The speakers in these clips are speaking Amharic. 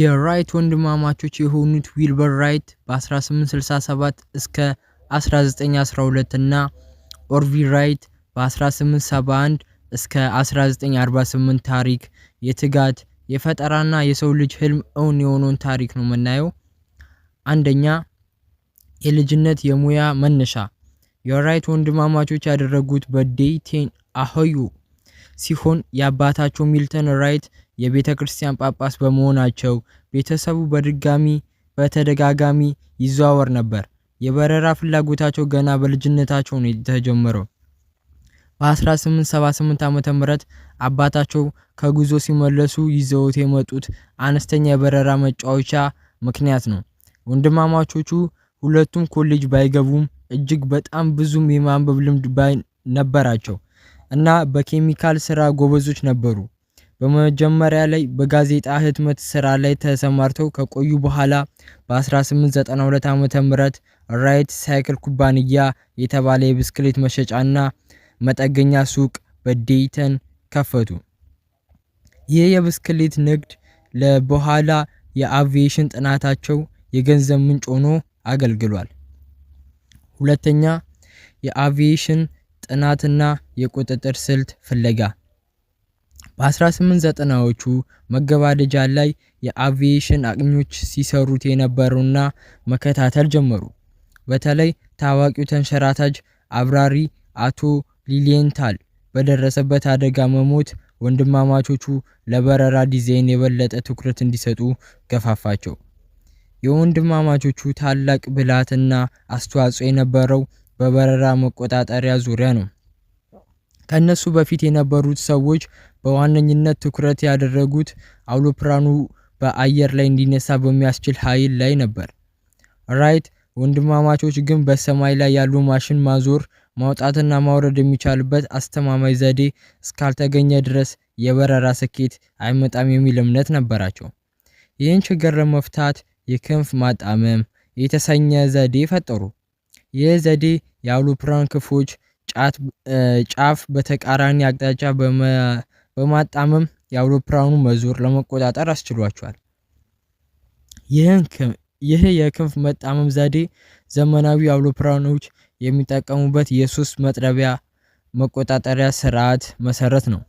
የራይት ወንድማማቾች የሆኑት ዊልበር ራይት በ1867 እስከ 1912 እና ኦርቪ ራይት በ1871 እስከ 1948 ታሪክ የትጋት የፈጠራና የሰው ልጅ ህልም እውን የሆነውን ታሪክ ነው የምናየው። አንደኛ የልጅነት የሙያ መነሻ የራይት ወንድማማቾች ያደረጉት በዴይቴን አሆዩ ሲሆን የአባታቸው ሚልተን ራይት የቤተ ክርስቲያን ጳጳስ በመሆናቸው ቤተሰቡ በድጋሚ በተደጋጋሚ ይዘዋወር ነበር። የበረራ ፍላጎታቸው ገና በልጅነታቸው ነው የተጀመረው። በ1878 ም አባታቸው ከጉዞ ሲመለሱ ይዘውት የመጡት አነስተኛ የበረራ መጫወቻ ምክንያት ነው። ወንድማማቾቹ ሁለቱም ኮሌጅ ባይገቡም እጅግ በጣም ብዙም የማንበብ ልምድ ነበራቸው። እና በኬሚካል ስራ ጎበዞች ነበሩ። በመጀመሪያ ላይ በጋዜጣ ህትመት ስራ ላይ ተሰማርተው ከቆዩ በኋላ በ1892 ዓ ም ራይት ሳይክል ኩባንያ የተባለ የብስክሌት መሸጫና መጠገኛ ሱቅ በዴይተን ከፈቱ። ይህ የብስክሌት ንግድ ለበኋላ የአቪዬሽን ጥናታቸው የገንዘብ ምንጭ ሆኖ አገልግሏል። ሁለተኛ የአቪዬሽን ጥናትና የቁጥጥር ስልት ፍለጋ በ1890ዎቹ መገባደጃ ላይ የአቪዬሽን አቅኞች ሲሰሩት የነበሩና መከታተል ጀመሩ። በተለይ ታዋቂው ተንሸራታጅ አብራሪ አቶ ሊሊየንታል በደረሰበት አደጋ መሞት ወንድማማቾቹ ለበረራ ዲዛይን የበለጠ ትኩረት እንዲሰጡ ገፋፋቸው። የወንድማማቾቹ ታላቅ ብልሃትና አስተዋጽኦ የነበረው በበረራ መቆጣጠሪያ ዙሪያ ነው። ከእነሱ በፊት የነበሩት ሰዎች በዋነኝነት ትኩረት ያደረጉት አውሮፕላኑ በአየር ላይ እንዲነሳ በሚያስችል ኃይል ላይ ነበር። ራይት ወንድማማቾች ግን በሰማይ ላይ ያሉ ማሽን ማዞር ማውጣትና ማውረድ የሚቻልበት አስተማማኝ ዘዴ እስካልተገኘ ድረስ የበረራ ስኬት አይመጣም የሚል እምነት ነበራቸው። ይህን ችግር ለመፍታት የክንፍ ማጣመም የተሰኘ ዘዴ ፈጠሩ። ይህ ዘዴ የአውሮፕላን ክፎች ጫፍ በተቃራኒ አቅጣጫ በማጣመም የአውሮፕላኑን መዞር ለመቆጣጠር አስችሏቸዋል። ይህ የክንፍ መጣመም ዘዴ ዘመናዊ አውሮፕላኖች የሚጠቀሙበት የሶስት መጥረቢያ መቆጣጠሪያ ስርዓት መሰረት ነው።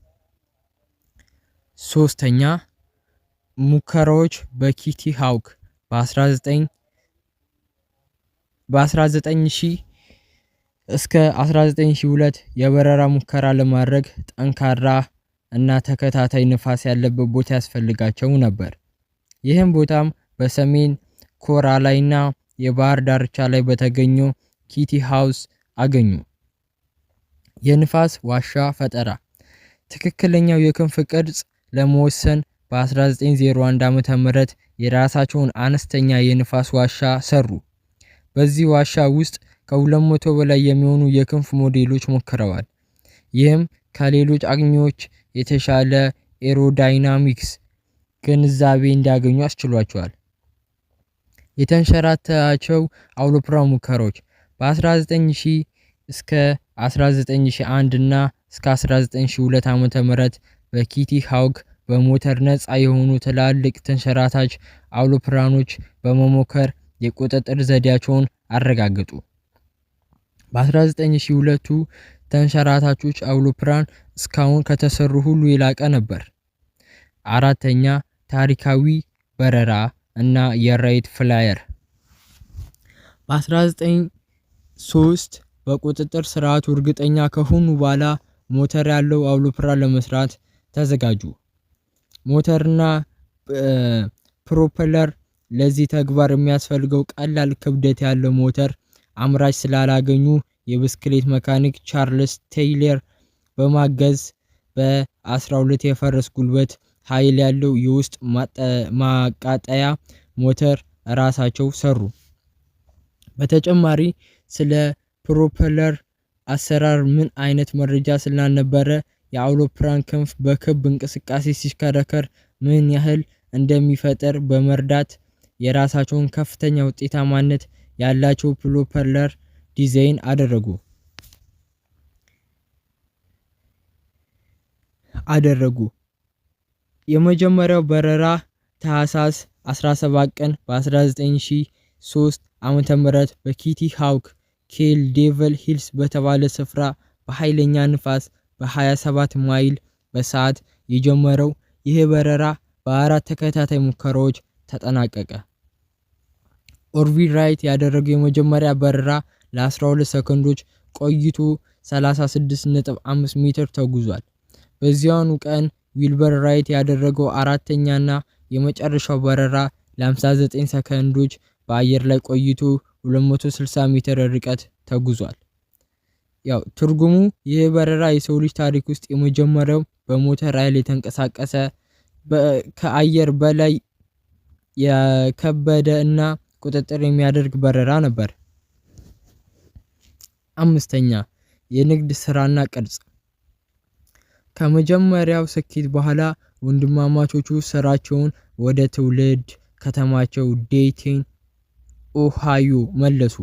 ሶስተኛ ሙከራዎች በኪቲ ሃውክ በ19 በ19,000 እስከ 19,002 የበረራ ሙከራ ለማድረግ ጠንካራ እና ተከታታይ ንፋስ ያለበት ቦታ ያስፈልጋቸው ነበር። ይህም ቦታም በሰሜን ኮራ ላይና የባህር ዳርቻ ላይ በተገኘው ኪቲ ሃውስ አገኙ። የንፋስ ዋሻ ፈጠራ ትክክለኛው የክንፍ ቅርጽ ለመወሰን በ1901 ዓ.ም የራሳቸውን አነስተኛ የንፋስ ዋሻ ሰሩ። በዚህ ዋሻ ውስጥ ከ200 በላይ የሚሆኑ የክንፍ ሞዴሎች ሞክረዋል። ይህም ከሌሎች አግኚዎች የተሻለ ኤሮዳይናሚክስ ግንዛቤ እንዲያገኙ አስችሏቸዋል። የተንሸራተታቸው አውሮፕላን ሙከራዎች በ19000 እስከ 19001 እና እስከ 19002 ዓመተ ምህረት በኪቲ ሃውግ በሞተር ነፃ የሆኑ ትላልቅ ተንሸራታች አውሮፕላኖች በመሞከር የቁጥጥር ዘዴያቸውን አረጋገጡ። በ1902ቱ ተንሸራታቾች አውሮፕላን እስካሁን ከተሰሩ ሁሉ የላቀ ነበር። አራተኛ ታሪካዊ በረራ እና የራይት ፍላየር በ1903 በቁጥጥር ስርዓቱ እርግጠኛ ከሆኑ በኋላ ሞተር ያለው አውሮፕላን ለመስራት ተዘጋጁ። ሞተርና ፕሮፐለር ለዚህ ተግባር የሚያስፈልገው ቀላል ክብደት ያለው ሞተር አምራች ስላላገኙ የብስክሌት መካኒክ ቻርልስ ቴይለር በማገዝ በ12 የፈረስ ጉልበት ኃይል ያለው የውስጥ ማቃጠያ ሞተር ራሳቸው ሰሩ። በተጨማሪ ስለ ፕሮፐለር አሰራር ምን አይነት መረጃ ስላልነበረ የአውሮፕላን ክንፍ በክብ እንቅስቃሴ ሲሽከረከር ምን ያህል እንደሚፈጠር በመርዳት የራሳቸውን ከፍተኛ ውጤታማነት ያላቸው ፕሮፐለር ዲዛይን አደረጉ አደረጉ። የመጀመሪያው በረራ ታህሳስ 17 ቀን በ1903 ዓመተ ምህረት በኪቲ ሃውክ ኬል ዴቨል ሂልስ በተባለ ስፍራ በኃይለኛ ንፋስ በ27 ማይል በሰዓት የጀመረው ይህ በረራ በአራት ተከታታይ ሙከራዎች ተጠናቀቀ። ኦርቪል ራይት ያደረገው የመጀመሪያ በረራ ለ12 ሰከንዶች ቆይቶ 36.5 ሜትር ተጉዟል። በዚያኑ ቀን ዊልበር ራይት ያደረገው አራተኛና የመጨረሻው በረራ ለ59 ሰከንዶች በአየር ላይ ቆይቶ 260 ሜትር ርቀት ተጉዟል። ያው ትርጉሙ ይህ በረራ የሰው ልጅ ታሪክ ውስጥ የመጀመሪያው በሞተር ኃይል የተንቀሳቀሰ ከአየር በላይ የከበደ እና ቁጥጥር የሚያደርግ በረራ ነበር። አምስተኛ የንግድ ስራና ቅርጽ ከመጀመሪያው ስኬት በኋላ ወንድማማቾቹ ስራቸውን ወደ ትውልድ ከተማቸው ዴይተን ኦሃዮ መለሱ።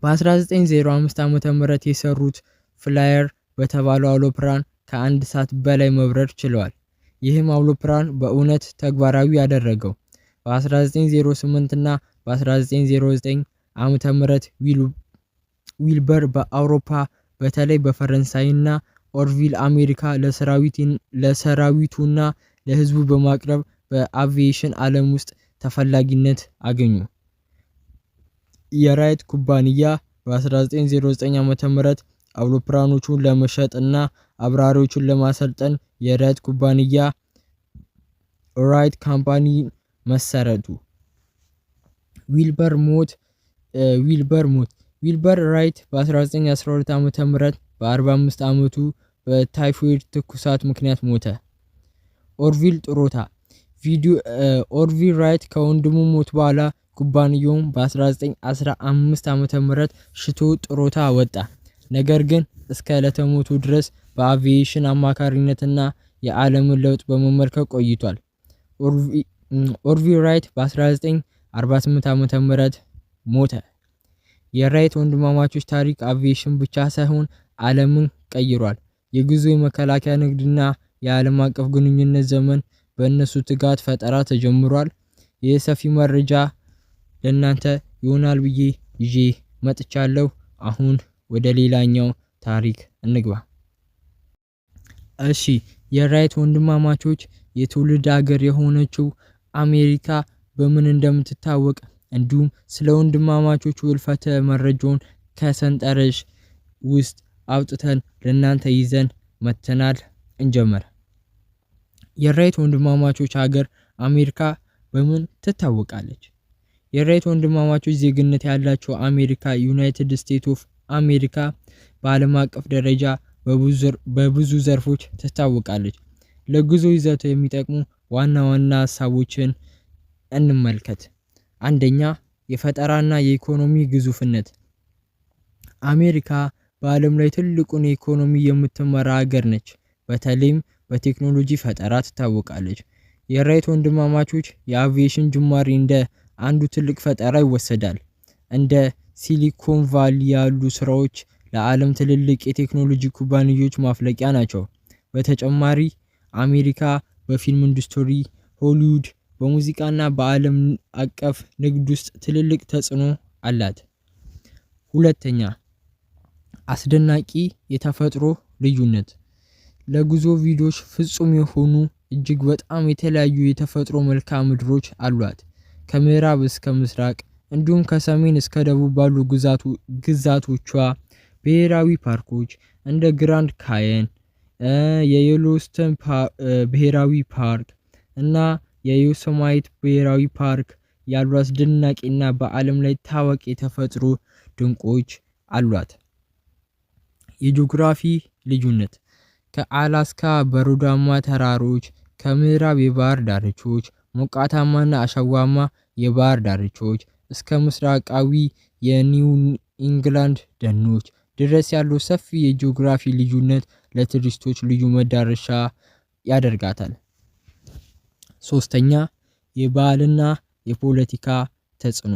በ1905 ም የሰሩት ፍላየር በተባለው አውሮፕላን ከአንድ ሰዓት በላይ መብረር ችለዋል። ይህም አውሮፕላን በእውነት ተግባራዊ ያደረገው በ1908 እና በ1909 ዓመተ ምህረት ዊልበር በአውሮፓ በተለይ በፈረንሳይና ኦርቪል አሜሪካ ለሰራዊቱና ለህዝቡ በማቅረብ በአቪዬሽን ዓለም ውስጥ ተፈላጊነት አገኙ። የራይት ኩባንያ በ1909 ም አውሮፕላኖቹን ለመሸጥ እና አብራሪዎቹን ለማሰልጠን የረድ ኩባንያ ራይት ካምፓኒ መሰረቱ። ዊልበር ሞት ዊልበር ሞት ዊልበር ራይት በ1912 ዓ ም በ45 ዓመቱ በታይፎይድ ትኩሳት ምክንያት ሞተ። ኦርቪል ጥሮታ ኦርቪል ራይት ከወንድሙ ሞት በኋላ ኩባንያውም በ1915 ዓ ም ሽቶ ጥሮታ ወጣ። ነገር ግን እስከ ዕለተ ሞቱ ድረስ በአቪዬሽን አማካሪነትና የዓለምን ለውጥ በመመልከት ቆይቷል። ኦርቪ ራይት በ1948 ዓ ም ሞተ። የራይት ወንድማማቾች ታሪክ አቪዬሽን ብቻ ሳይሆን ዓለምን ቀይሯል። የጉዞ የመከላከያ ንግድና የዓለም አቀፍ ግንኙነት ዘመን በእነሱ ትጋት ፈጠራ ተጀምሯል። ይህ ሰፊ መረጃ ለእናንተ ይሆናል ብዬ ይዤ መጥቻለሁ። አሁን ወደ ሌላኛው ታሪክ እንግባ። እሺ የራይት ወንድማማቾች የትውልድ ሀገር የሆነችው አሜሪካ በምን እንደምትታወቅ እንዲሁም ስለ ወንድማማቾች ውልፈተ መረጃውን ከሰንጠረዥ ውስጥ አውጥተን ለእናንተ ይዘን መተናል። እንጀምር። የራይት ወንድማማቾች ሀገር አሜሪካ በምን ትታወቃለች? የራይት ወንድማማቾች ዜግነት ያላቸው አሜሪካ ዩናይትድ ስቴትስ ኦፍ አሜሪካ በዓለም አቀፍ ደረጃ በብዙ ዘርፎች ትታወቃለች። ለጉዞ ይዘቱ የሚጠቅሙ ዋና ዋና ሀሳቦችን እንመልከት። አንደኛ የፈጠራና የኢኮኖሚ ግዙፍነት አሜሪካ በዓለም ላይ ትልቁን የኢኮኖሚ የምትመራ ሀገር ነች። በተለይም በቴክኖሎጂ ፈጠራ ትታወቃለች። የራይት ወንድማማቾች የአቪዬሽን ጅማሬ እንደ አንዱ ትልቅ ፈጠራ ይወሰዳል። እንደ ሲሊኮን ቫሊ ያሉ ስራዎች ለዓለም ትልልቅ የቴክኖሎጂ ኩባንያዎች ማፍለቂያ ናቸው። በተጨማሪ አሜሪካ በፊልም ኢንዱስትሪ፣ ሆሊውድ፣ በሙዚቃና በዓለም አቀፍ ንግድ ውስጥ ትልልቅ ተጽዕኖ አላት። ሁለተኛ አስደናቂ የተፈጥሮ ልዩነት ለጉዞ ቪዲዮዎች ፍጹም የሆኑ እጅግ በጣም የተለያዩ የተፈጥሮ መልክዓ ምድሮች አሏት። ከምዕራብ እስከ ምስራቅ እንዲሁም ከሰሜን እስከ ደቡብ ባሉ ግዛቶቿ ብሔራዊ ፓርኮች እንደ ግራንድ ካየን የዮሎስተን ብሔራዊ ፓርክ እና የዮሰማይት ብሔራዊ ፓርክ ያሉ አስደናቂና በአለም ላይ ታዋቂ የተፈጥሮ ድንቆች አሏት። የጂኦግራፊ ልዩነት ከአላስካ በረዶማ ተራሮች ከምዕራብ የባህር ዳርቾች ሞቃታማና አሸዋማ የባህር ዳርቾች እስከ ምስራቃዊ የኒው ኢንግላንድ ደኖች ድረስ ያለው ሰፊ የጂኦግራፊ ልዩነት ለቱሪስቶች ልዩ መዳረሻ ያደርጋታል። ሶስተኛ የባህልና የፖለቲካ ተጽዕኖ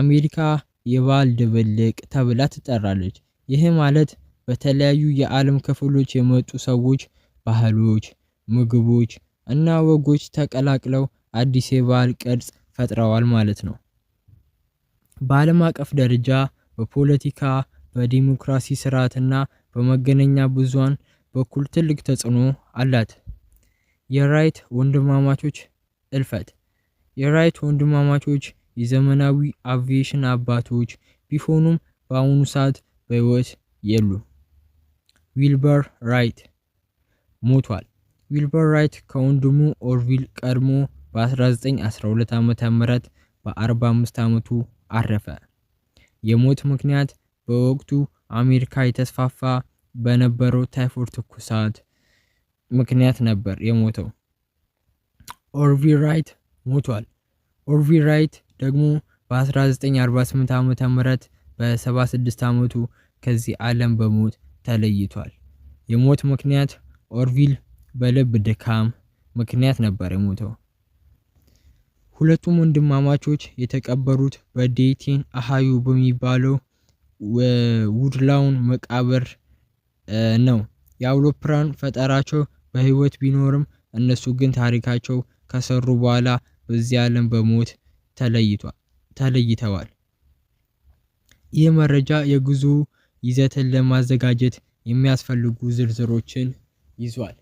አሜሪካ የባህል ድብልቅ ተብላ ትጠራለች። ይህ ማለት በተለያዩ የዓለም ክፍሎች የመጡ ሰዎች ባህሎች፣ ምግቦች እና ወጎች ተቀላቅለው አዲስ የባህል ቅርጽ ፈጥረዋል ማለት ነው። በዓለም አቀፍ ደረጃ በፖለቲካ በዲሞክራሲ ስርዓትና በመገናኛ ብዙሃን በኩል ትልቅ ተጽዕኖ አላት። የራይት ወንድማማቾች እልፈት የራይት ወንድማማቾች የዘመናዊ አቪዬሽን አባቶች ቢሆኑም በአሁኑ ሰዓት በሕይወት የሉ። ዊልበር ራይት ሞቷል። ዊልበር ራይት ከወንድሙ ኦርቪል ቀድሞ በ1912 ም በ45 ዓመቱ አረፈ። የሞት ምክንያት በወቅቱ አሜሪካ የተስፋፋ በነበረው ታይፎድ ትኩሳት ምክንያት ነበር የሞተው። ኦርቪ ራይት ሞቷል። ኦርቪ ራይት ደግሞ በ1948 ዓ ም በ76 ዓመቱ ከዚህ ዓለም በሞት ተለይቷል። የሞት ምክንያት ኦርቪል በልብ ድካም ምክንያት ነበር የሞተው። ሁለቱም ወንድማማቾች የተቀበሩት በዴይቲን አሃዩ በሚባለው ውድላውን መቃብር ነው። የአውሮፕላን ፈጠራቸው በህይወት ቢኖርም እነሱ ግን ታሪካቸው ከሰሩ በኋላ በዚህ ዓለም በሞት ተለይተዋል። ይህ መረጃ የጉዞ ይዘትን ለማዘጋጀት የሚያስፈልጉ ዝርዝሮችን ይዟል።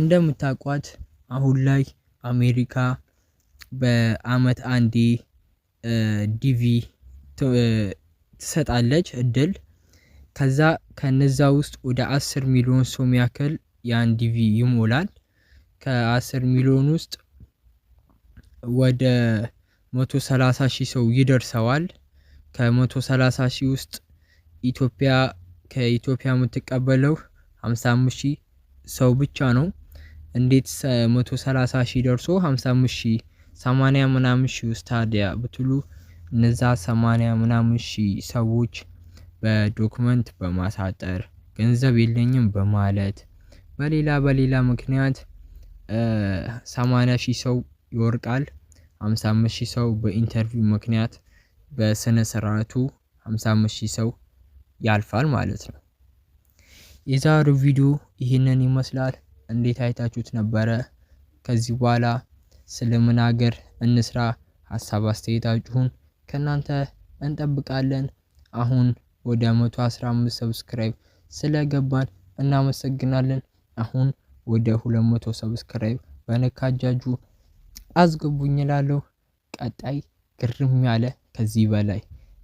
እንደምታውቋት አሁን ላይ አሜሪካ በአመት አንዴ ዲቪ ትሰጣለች እድል። ከዛ ከነዛ ውስጥ ወደ አስር ሚሊዮን ሰው የሚያክል ያን ዲቪ ይሞላል። ከአስር ሚሊዮን ውስጥ ወደ መቶ ሰላሳ ሺህ ሰው ይደርሰዋል። ከመቶ ሰላሳ ሺህ ውስጥ ኢትዮጵያ ከኢትዮጵያ የምትቀበለው 55 ሺህ ሰው ብቻ ነው። እንዴት 130 ሺህ ደርሶ 55 ሺህ 80 ምናምን ሺህ ውስጥ ታዲያ ብትሉ እነዛ ሰማንያ ምናምን ሺ ሰዎች በዶክመንት በማሳጠር ገንዘብ የለኝም በማለት በሌላ በሌላ ምክንያት ሰማንያ ሺህ ሰው ይወርቃል። 55 አምስት ሺህ ሰው በኢንተርቪው ምክንያት በስነ ስርዓቱ ሃምሳ አምስት ሺህ ሰው ያልፋል ማለት ነው። የዛሬው ቪዲዮ ይህንን ይመስላል። እንዴት አይታችሁት ነበረ? ከዚህ በኋላ ስለምን ሀገር እንስራ ሀሳብ አስተያየታችሁን ከእናንተ እንጠብቃለን። አሁን ወደ 115 ሰብስክራይብ ስለገባን እናመሰግናለን። አሁን ወደ 200 ሰብስክራይብ በነካጃጁ እጃችሁ አስገቡኝ እላለሁ። ቀጣይ ግርም ያለ ከዚህ በላይ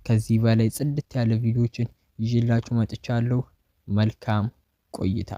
ከዚህ በላይ ጽድት ያለ ቪዲዮዎችን ይዤላችሁ መጥቻለሁ። መልካም ቆይታ